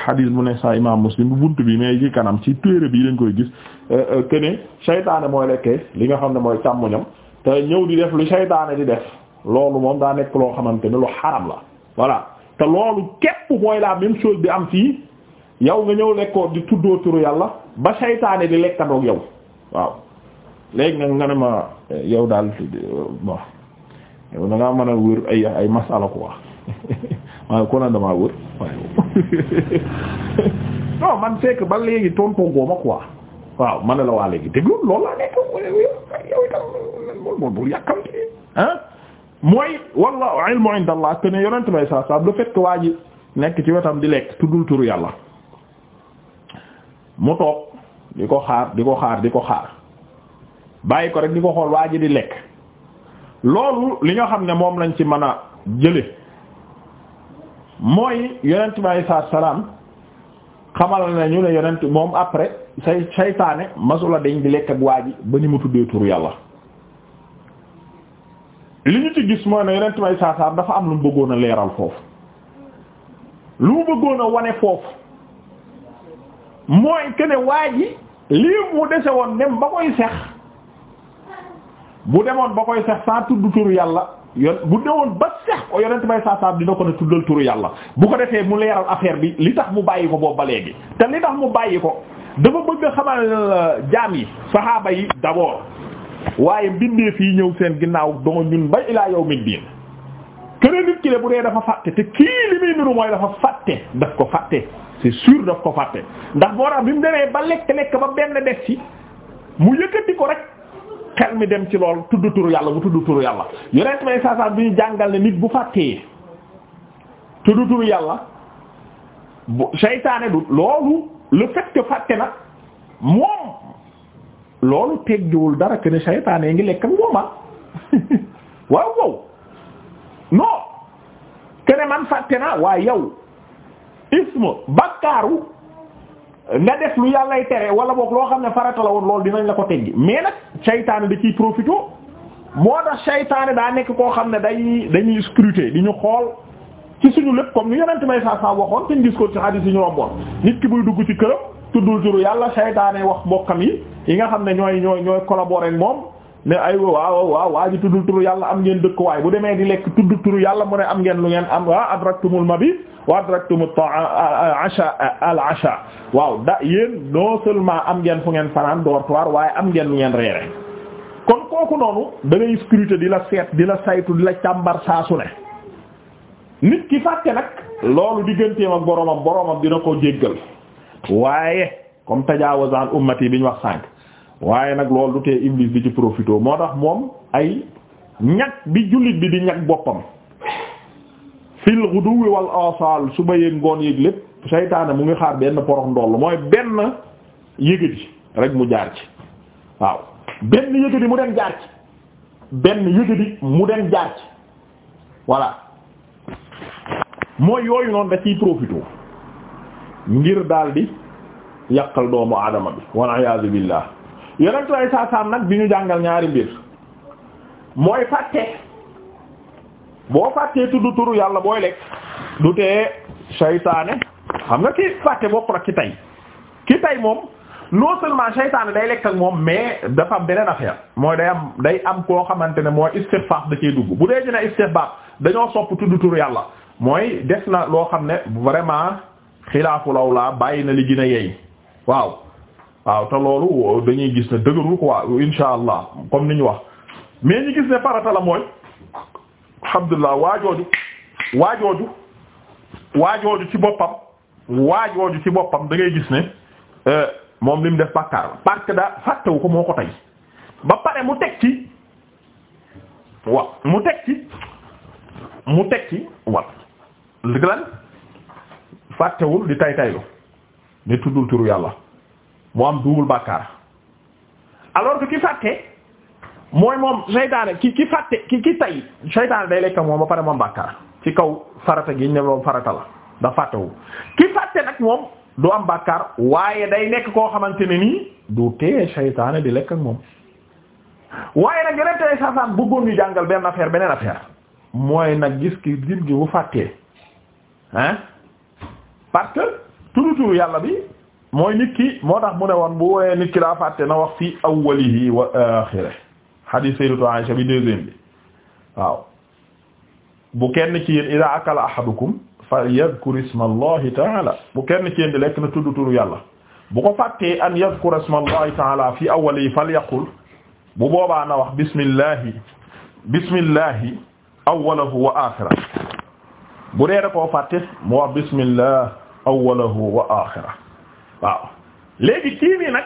hadis euh, bu ne sa imam muslim bu bunt bi mais ci kanam ci téere bi lañ koy gis euh, euh, que ne saytaane mooy lekkee li nga xam ne mooy càmmoñam te ñëw di def lu saytaane di def loolu moom daa nekk loo xamante ne lu xaram la voilà te loolu képp mooy la même chose bi am fii yow nga ñëw lekkoo di tuddoo turu yàlla ba saytaane di lekkandoog yow waaw léegi nag nga ne ma eh, yow daal bon yow ngaa mën a wër ay ay masala quoi (laughs) waaw kon nag damaa wër waaye (laughs) man c'est ba léegi tontoŋoo ma quoi waaw ne la waa léegi déglu loolu laa nekk yow itam moom moom bul yàkkamti ah. mooy wallahu ilmu inda allah te ne yonent bay saa saa le fait que waa ji nekk ci wetam di lekk tuddul turu yàlla mu toog di ko xaar di ko xaar di ko xaar bàyyi ko rek di ko xool waa ji di lekk loolu li nga xam ne moom lañ ci mën a jële mooy yonent bi alayhi salaatu salaam xamal na ñu ne yonent moom après say saytaane masula dañ di lekk ak waa ji ba ni mu tuddee tur yàlla li ñu ci gis mooy na yonent bi alayhi salaatu salaam dafa am lu mu bëggoon a leeral foofu lu mu bëggoon wane foofu mooy que ne waa lii mu dese woon dem ba koy sex bu demoon ba koy sex sans tudd turu yàlla yon bu woon ba sex ko yonent bay saasaam dina ko ne tuddal turu yàlla bu ko defee mu leeral affaire bi li tax mu bàyyi ko boobu ba léegi te li tax mu bàyyi ko dafa bëgg a xamal euh, jaam yi saxaaba yi d'abord waaye mbindee fii ñëw seen ginnaaw doo ñun ba ilaa yawmi diin keneen nit ki de bu dee dafa fàtte te kii li muy niru mooy dafa fàtte daf ko fàtte c'est sûr daf ko fàtte ndax boo tax bi mu demee ba lekk lekk ba benn def ci mu yëkkati ko rek xel mi dem ci lool tudd turu yàlla bu tudd turu yàlla yonent may saasaam bi ñu jàngal ne nit bu fàttee tudd turu yàlla bu seytaane du loolu le fait fàtte na moom loolu teggiwul dara que ne ngi lekk ak moom ah. (laughs) waaw waaw non que ne man fàtte na waaye yow isma bakkaaru nga def lu yàllay tere wala boog loo xam ne farata la loolu dinañ la ko teggi mais nag seytaane di ciy profité moo tax seytaane daa nekk koo xam ne dañuy dañuy scruter di ñu xool ci suñu lépp comme ni yonent may sa sa waxoon te ñu gis ko ci hadith yi ñu romboon nit ki buy dugg ci këram tuddul turu yàlla seytaane wax mbokkam yi yi nga xam ne ñooy ñooy ñooy collaborer moom ne ay waaw waaw waa ji tudd turu yàlla am ngeen dëkkuwaay bu demee di lekk tudd turu yàlla mu ne am ngeen lu ngeen am wa adraktumul mabit wa adraktumul asha al asha waaw da yéen non seulement am ngeen fu ngeen fanaan dortoir waaye am ngeen lu ngeen reere kon kooku noonu da ngay scruter di la seet di la saytu di la càmbar saa su ne nit ki fàtte nag loolu digganteem ak boromam boromam dina ko jéggal waaye comme tajaawaz an ummati biñ wax sànq. waaye nag loolu du tee iblis di ci profité moo tax moom ay ñag bi jullit bi di ñag boppam fil ghuduwi wal asal suba yéeg ngoon yéeg lépp seytaane mu ngi xaar benn porox ndoll mooy benn yëgadi rek mu jaar ci waaw benn yëgadi mu dem jaar ci benn yëgadi mu dem mooy yooyu noonu da ciy profité ngir daal di yàqal doomu aadama bi wal iyaazu billah yonentu ay saasaam nag bi ñu jàngal ñaari mbir mooy fàtte boo fàttee tudd turu yàlla booy lekk du tee saytaane xam nga ki fàtte bokkul ak ki tay ki tay moom non seulement saytaane day lekk ak moom mais dafa am beneen affaire mooy day am day am koo xamante ne mooy istihbaab da cee dugg bu dee ñu ne istihbaab dañoo sopp tudd turu yàlla mooy def na loo xam ne vraiment xilaafu law laa bàyyi na li gën a yeey waaw. waaw te loolu dañuy gis ne dëgërul waaw insha allah comme ni ñu wax mais ñu gis ne farata la mooy alhamdulilah waajooju waajooju waajooju ci boppam waajooju ci boppam da ngay gis ne euh, moom li mu def bàkkaar la parce que fàttewu ko moo ko tey ba pare mu teg ci wa mu teg ci mu teg ci wa lan fàttewul di tay taylu ne tuddul turu yàlla mu am duubul bàkkaar alors que ki fàtte mooy moom seytaane ki ki fàtte ki ki tay seytaane day lekk moom ba pare moom bàkkaar ci kaw farata gi ñu ne moom farata la da fàttewu ki fàtte nag moom du am bàkkaar waaye day nekk koo xamante ne nii du tee seytaane di lekk ak moom waaye nag yeneen tey saa saan bëggoon ñu jàngal benn affaire beneen affaire mooy nag gis ki gis gi bu fàttee hein parce turu turu yàlla bi mooy nit moo tax mu ne woon bu wooyee nit daa fàtte na wax fi awwalihi wa axirihi hadith sayyidatu Aisha bi deuxième bi bu kenn ci yéen idaa akala ahadukum falyadhkur isma allahi taala bu kenn ci yéen di lekk na tudd turu yàlla bu ko fàttee an yadhkur isma taala fi awwalihi falyaqul bu boobaa na wax bismillahi bismillahi awwalahu wa axirahu bu dee da koo fàtte bismillah awwalahu wa axirahu waaw léegi kii nii nag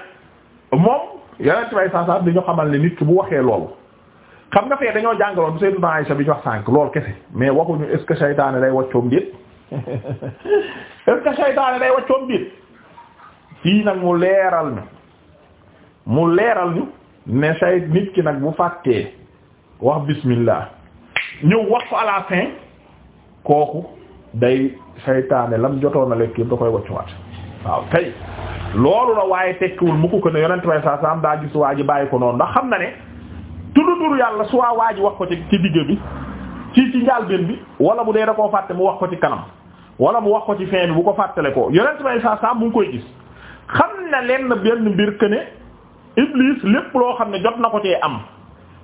moom yeneen ci may ñu xamal ne nit ki bu waxee loolu xam nga fee dañoo jàngaloon Sayyidatu Aisha bi ñu wax loolu kese mais waxuñu est-ce que saytaane day wàccoom déet (laughs) est-ce day wàccoom déet fii nag mu leeral ñu mu leeral ñu ne say nit ki nag bu fàttee wax bismillah ñëw wax ko à la fin kooku day saytaane lam jotoon a lekk yëpp da koy wàccuwaat. waaw kay loolu la waaye tekkiwul mu ko ko ne yonent bay saa saam daa gis waa ji bàyyi ko noonu ndax xam na ne tudd turu yàlla soit waa ji wax ko ci ci digg bi ci ci njàlbéen bi wala bu dee da koo fàtte mu wax ko ci kanam wala mu wax ko ci fin bi bu ko fàttale ko yonent bay saa saam mu ngi koy gis xam na lenn benn mbir que ne lépp loo xam ne jot na ko cee am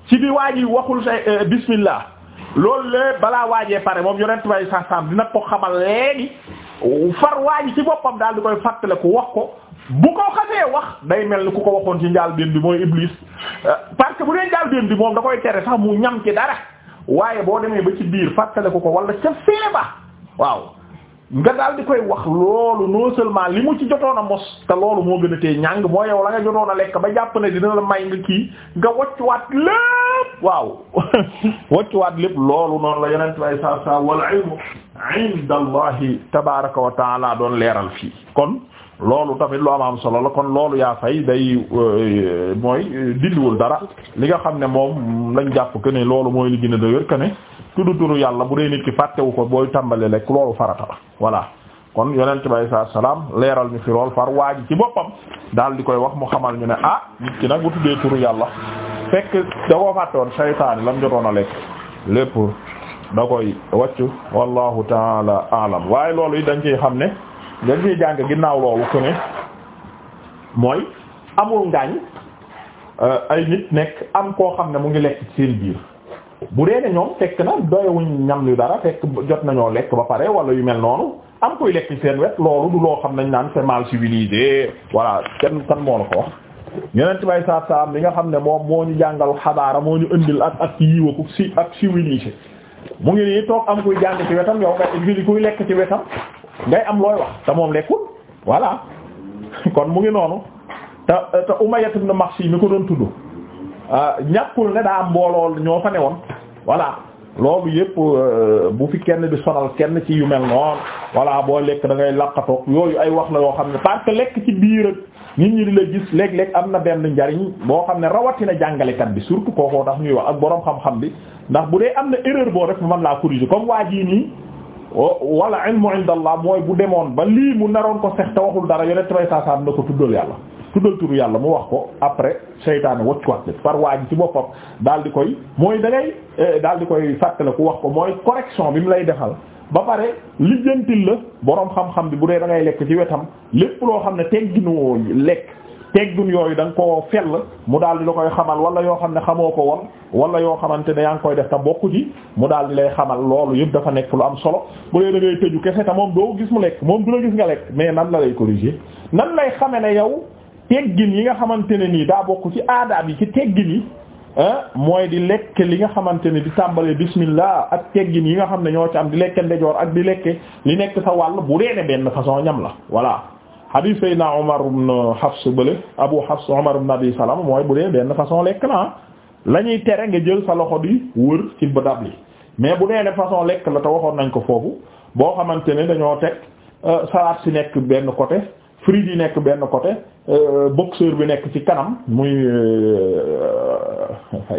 si bi waa ji waxul say euh, bismillah loolu lépp balaa waajee pare moom yonent bay saa saam dina ko xamal léegi. far waa ji ci boppam daal di koy fàttale ku wax ko bu ko xasee wax day mel ni ku ko waxoon ci njaal benn bi mooy iblis euh, parce que bu dee njaal benn bi moom da koy tere sax mu ñam ki dara waaye boo demee ba ci biir fàttale ku ko wala ca feeba waaw nga daal di koy wax loolu non seulement li mu ci jotoon a mos te loolu moo gën tee ñàng moo la nga a lekk ba jàpp ne dina la may nga kii nga waccuwaat waaw (laughs) waccuwaat lépp loolu noonu la yeneen way sa sa wal ilmu inda allahi tabaraka wa taala doon leeral fii kon loolu tamit lu am am solo la kon loolu yaa fay day euh, mooy dindiwul dara li nga xam ne moom lañ jàpp que ne loolu mooy li gën a dëgër que ne tudd turu yàlla bu dee nit ki fàttewu ko booy tàmbale lekk loolu farata la kon yonent bi alayhi salaatu salaam leeral ñu fi lool far waa ci boppam daal di koy wax mu xamal ñu ne ah nit ki nag bu tuddee turu yàlla fekk da koo fàtte woon saytaane lam jotoon a lekk lépp da koy wàccu wallahu taala alam waaye loolu yi dañ ciy xam ne dañ ciy jàng ginnaaw loolu ku ne mooy amul ngaañ euh, ay nit nekk am koo xam ne mu ngi lekk ci seen biir bu dee ne ñoom fekk na doyewuñ ñam lu dara fekk jot nañoo lekk ba pare wala yu mel noonu am koy lekk ci seen wet loolu du loo xam nañ naan c'est mal civilisé voilà kenn kan moo la ko wax yeneen bay saab saab li nga xam ne moom moo ñu jàngal xabaara moo ñu indil ak ak yiiwa ko ak civilisé mu ngi nii toog am kuy jàng ci wetam yow nga kuy lekk ci wetam ngay am looy wax te moom lekkul voilà (laughs) kon mu ngi noonu te te Umayyah ibn Maxsi mi ko doon tudd ah, ñàkkul ne daa mbooloo ñoo fa woon voilà loolu yëpp euh, bu fi kenn di sonal kenn ci yu mel noonu voilà boo lekk da ngay laqatoog yooyu ay wax la yoo xam ne parce que lekk ci biir ak nit ñi di la gis léeg-léeg am na benn njariñ boo xam ne rawatina jàngalekat bi surtout kookoo tax ñuy wax ak boroom xam-xam bi ndax bu dee am na erreur boo rek mu mën laa corriger comme waa jii nii wala ilmu inda allah mooy bu demoon ba lii mu naroon ko fex te waxul dara yonent bay saasaam na ko tuddal yàlla tuddal turu yàlla mu wax ko après seytaane waccuwaat bi par waa ci boppam daal di koy mooy da ngay eh, daal di koy fàttale ku wax ko mooy correction bi mu lay defal ba pare lijjantil la boroom xam-xam bi bu dee da ngay lekk ci wetam lépp loo xam ne tegginoo lekk teggin yooyu da ko koo fell mu daal di la koy xamal wala yoo xam ne xamoo ko won wala yoo xamante ne yaa ngi koy def te bokku ci mu daal di lay xamal loolu yëpp dafa nekk lu am solo bu dee da ngay tëju kese te moom doo gis mu lekk moom du la gis nga lekk mais nan la lay corriger nan lay xame ne yow teggin yi nga xamante ne nii daa bokk ci aadaab yi ci teggin yi mooy di lekk li nga xamante ne di tàmbalee bismillah ak teggin yi nga xam ne ñoo ci am di lekke ndejoor ak di lekke li nekk sa wàll bu dee ne benn façon ñam la voilà hadith sayna Umar ibn Hafs bële Abu Hafs Umar ibn Abi Salama mooy bu dee benn façon lekk la la ñuy tere nga jël sa loxo di wër ci ba dab li mais bu dee ne façon lekk la te waxoon nañ ko foofu boo xamante ne dañoo teg euh, salaat si nekk benn côté frige yi nekk benn côté euh, boxeur bi nekk ci kanam muy euh, (laughs)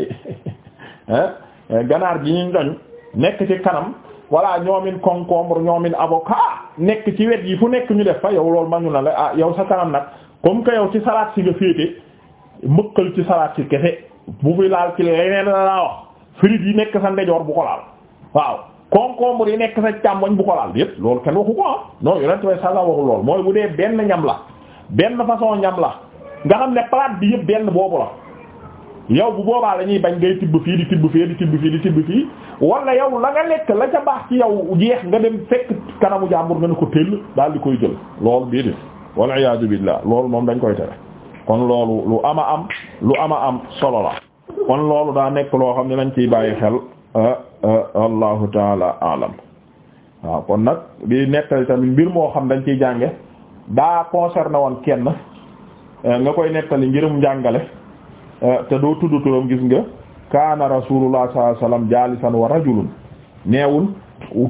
euh, ganaar gi ñu doñ nekk ci kanam voilà ñoomin concombre ñoomin avocat nekk ci wet yi fu nekk ñu def fa yow loolu mañu na la ah yow sa kanam nag comme que yow ci salaat si nga féete mbëkkal ci salaat si kese bu fi laal ci leneen la laa wax frige yi nekk sa ndejoor bu ko laal waaw concombre yi nekk sa càmmoñ bu ko laal yépp loolu kenn waxu ko ah non yonent way sala waxu lool mooy bu dee benn ñam la benn façon ñam la nga xam ne plate bi yëpp benn boobu la yow bu boobaa la ñuy bañ ngay tibb fii di tibb fii di tibb fii di tibb fii wala yow la nga lekk la ca baax ci yow jeex nga dem fekk kanamu jàmbur nga ne ko tëll daal di koy jël loolu bii di wal iyaadu billah loolu moom dañ koy tere kon loolu lu am a am lu ama am solo la kon loolu daa nekk loo xam ne lañ bàyyi xel Ah, ah, allahu taala alam waaw kon nag bi nettali tamit mbir moo xam dañ ciy jànge daa concerné woon kenn eh, nga koy nettali ngirum jàngale eh, te doo tudd turam gis nga kaana rasulullah sallallahu alayhi wasallam jaalisan wa rajulun neewul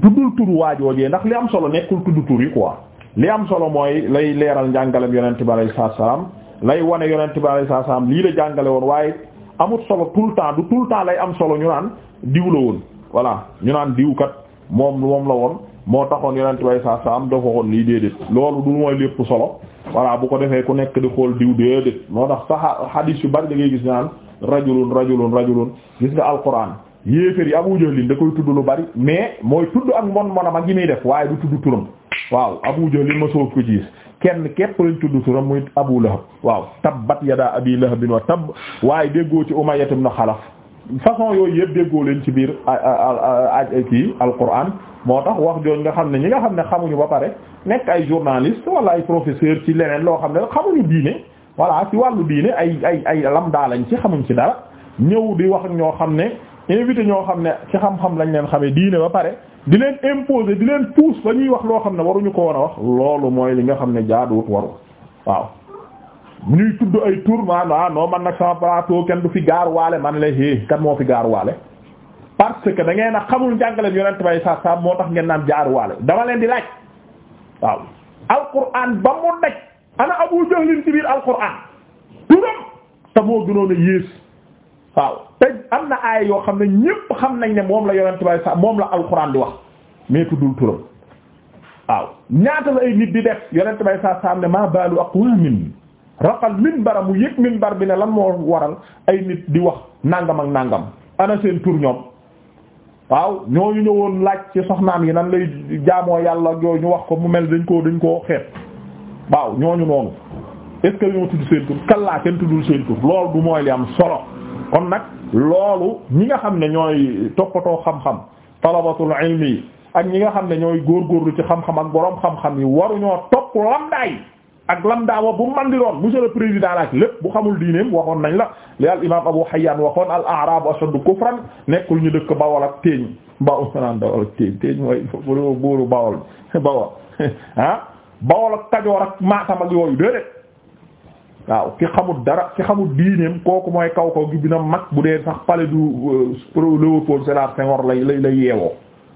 tuddul tur waajoojee ndax li am solo nekkul tudd tur yi quoi li am solo mooy lay leeral njàngalem yonente bi alayhi salaam lay wane yonente bi alayhi salaam lii la jàngale woon waaye amul solo tout le temps du tout temps lay am solo ñu naan diw la woon voilà ñu naan diw kat moom moom la woon moo taxoon yonent bay saa sa am dafa waxoon lii déedéet loolu du mooy lépp solo voilà bu ko defee ku nekk di xool diw déedéet moo tax sax hadith yu bari da ngay gis naan rajulun rajulun rajulun gis nga alquran yéefér yi Abu Jahlin da koy tudd lu bari mais mooy tudd ak mon monam ak gi muy def waaye du tudd turam waaw Abu Jahlin ma soof ko gis kenn képp lañ tudd turam muy Abu Lahab waaw tabbat yadaa abi lahabin wa tabb waaye déggoo ci Umayya ibn Xalaf façon yooyu yëpp déggoo leen ci biir a kii alquran moo tax wax jooñ nga xam ne ñi nga xam ne xamuñu ba pare nekk ay journaliste wala ay professeur ci leneen loo xam ne xamuñu diine voilà ci wàllu diine ay ay ay lamda lañ ci xamuñ ci dara ñëw di wax ñoo xam ne invité ñoo xam ne ci xam-xam lañ leen xamee diine ba pare di leen imposer di leen pousse ba ñuy wax loo xam ne waruñu ko war a wax loolu mooy li nga xam ne jaaduwut waru waaw ñuy tudd ay tour ah non man nag sama plateau kenn du fi gaar waale man la hé kat moo fi gaar waale parce que da ngeen a xamul njàngale yonent bay sa sa moo tax ngeen naan jaar waale dama leen di laaj waaw alquran ba mu daj ana Abu Jahlin ci biir alquran turam te moo gënoon a waaw te am na aaya yoo xam ne ñépp xam nañ ne moom la yonent bay sa moom la alxuraan di wax mais tuddul turam waaw ñaata la ay nit di def yonent bay sa saam ne maa baalu aqwamin raqal minbar mu yëg minbar bi ne lan moo waral ay nit di wax nàngam ak nàngam ana seen tur ñoom waaw ñoo ñooñu ñëwoon laaj ci soxnaam yi nan lay jaamoo yàlla yooyu ñu wax ko mu mel dañ koo dañ koo xeet waaw ñooñu noonu est-ce que ñoo tudd seen tur kallaa kenn tuddul seen tur lool du am solo kon nag loolu ñi nga xam ne ñooy toppatoo xam-xam talabatul ilmi yi ak ñi nga xam ne ñooy góorgóorlu ci xam-xam ak boroom xam-xam yi waruñoo topp lamdaay ak lamdaa wa bu man di doon monsieur le président lépp bu xamul diineem waxoon nañ la li al imam Abu Hayyan waxoon al a'rabu ashaddu kufran nekkul ñu dëkk Bawol ak teeñ Bawol (laughs) naan Bawol ak teeñ teeñ mooy buuru Bawol (laughs) Bawol (laughs) ah Bawol ak Kajoor ak Maatam ak yooyu déedéet waaw ki xamul dara ki xamul diineem kooku mooy kaw kaw gi bi na mag bu dee sax palais du euh, Léopold Sédar Senghor lay la lay yeewoo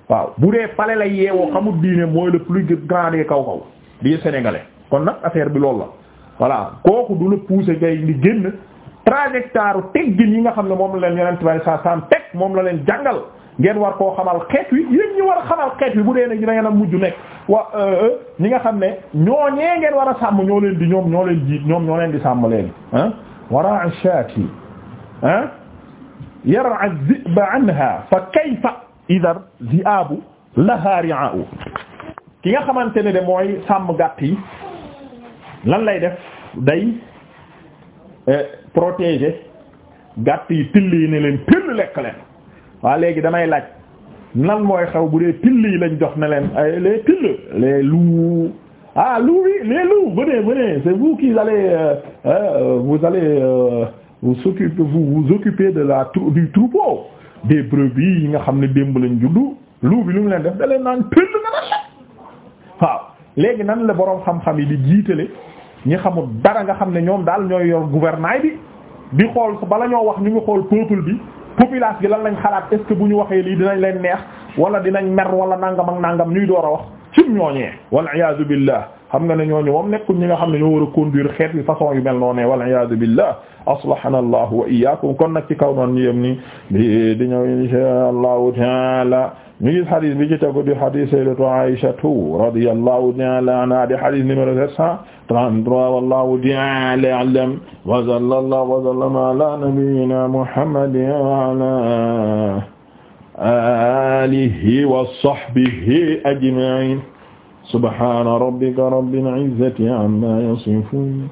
waaw bu dee pale la yeewoo xamul diineem mooy le plus grand des kaw kaw des sénégalais kon nag affaire bi loolu la voilà kooku du la pousser ngay di génn trajectoire teggin yi nga xam ne moom la leen yonent bay sa sam teg moom la leen jàngal ngeen war koo xamal xeet wi yéen ñi war a xamal xeet wi bu dee na da ngeen a mujj nekk wa euh, euh, ñi nga xam ne ñooñee ngeen war a sàmm ñoo leen di ñoom ñoo leen jiit ñoom ñoo leen di sàmm leen ah wara shaati ah yar'a dhi'ba anha fa kayfa idha dhi'abu laha ri'a'u ki nga xamante ne de mooy sàmm gàtt yi lan lay def day euh, protéger gàtt yi till ne leen till lekk leen waa léegi damay laaj nan mooy xew bu dee till yi lañ jox ne leen ay les till les lu ah loups yi les loups venez venez c'est vous qui allez euh, euh vous allez euh, vous occuper vous vous occuper de la du troupeau des brebis yi nga xam ne démb lañ juddu loup bi lu mu leen def da leen naan till na la waaw léegi nan la boroom xam-xam yi di jiitale ñi xamul dara nga xam ne ñoom daal ñooy yor gouvernail bi di xool bala ñoo wax ñu ngi xool peuple bi populace bi lan lañ xalaat est bu ñu waxee lii dinañ leen neex wala dinañ mer wala nangam ak nangam ñuy door a wax cim ñooñee wal iyaazu billah xam nga ne ñooñu moom nekku ñi nga xam ne ñoo war a conduire xeet bi façon yu mel noonu wal iyaazu billah aslahana allah wa iyyakum kon nag ci kaw noonu ñu yem ni bi di ñëw insha allahu taala ñu ngi xadis bi ci tegu di xadis sayyidatu Aïshatu radiyallahu ta'ala anha di xadis numéro 733 wallahu ta'ala a'lam wa sallallahu wa sallama ala nabiyyina Muhammadin wa ala alihi wa sahbihi ajma'in subhana rabbika rabbil izzati amma yasifun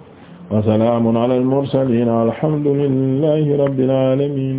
wa salamun ala al mursalin alhamdulillahi rabbil alamin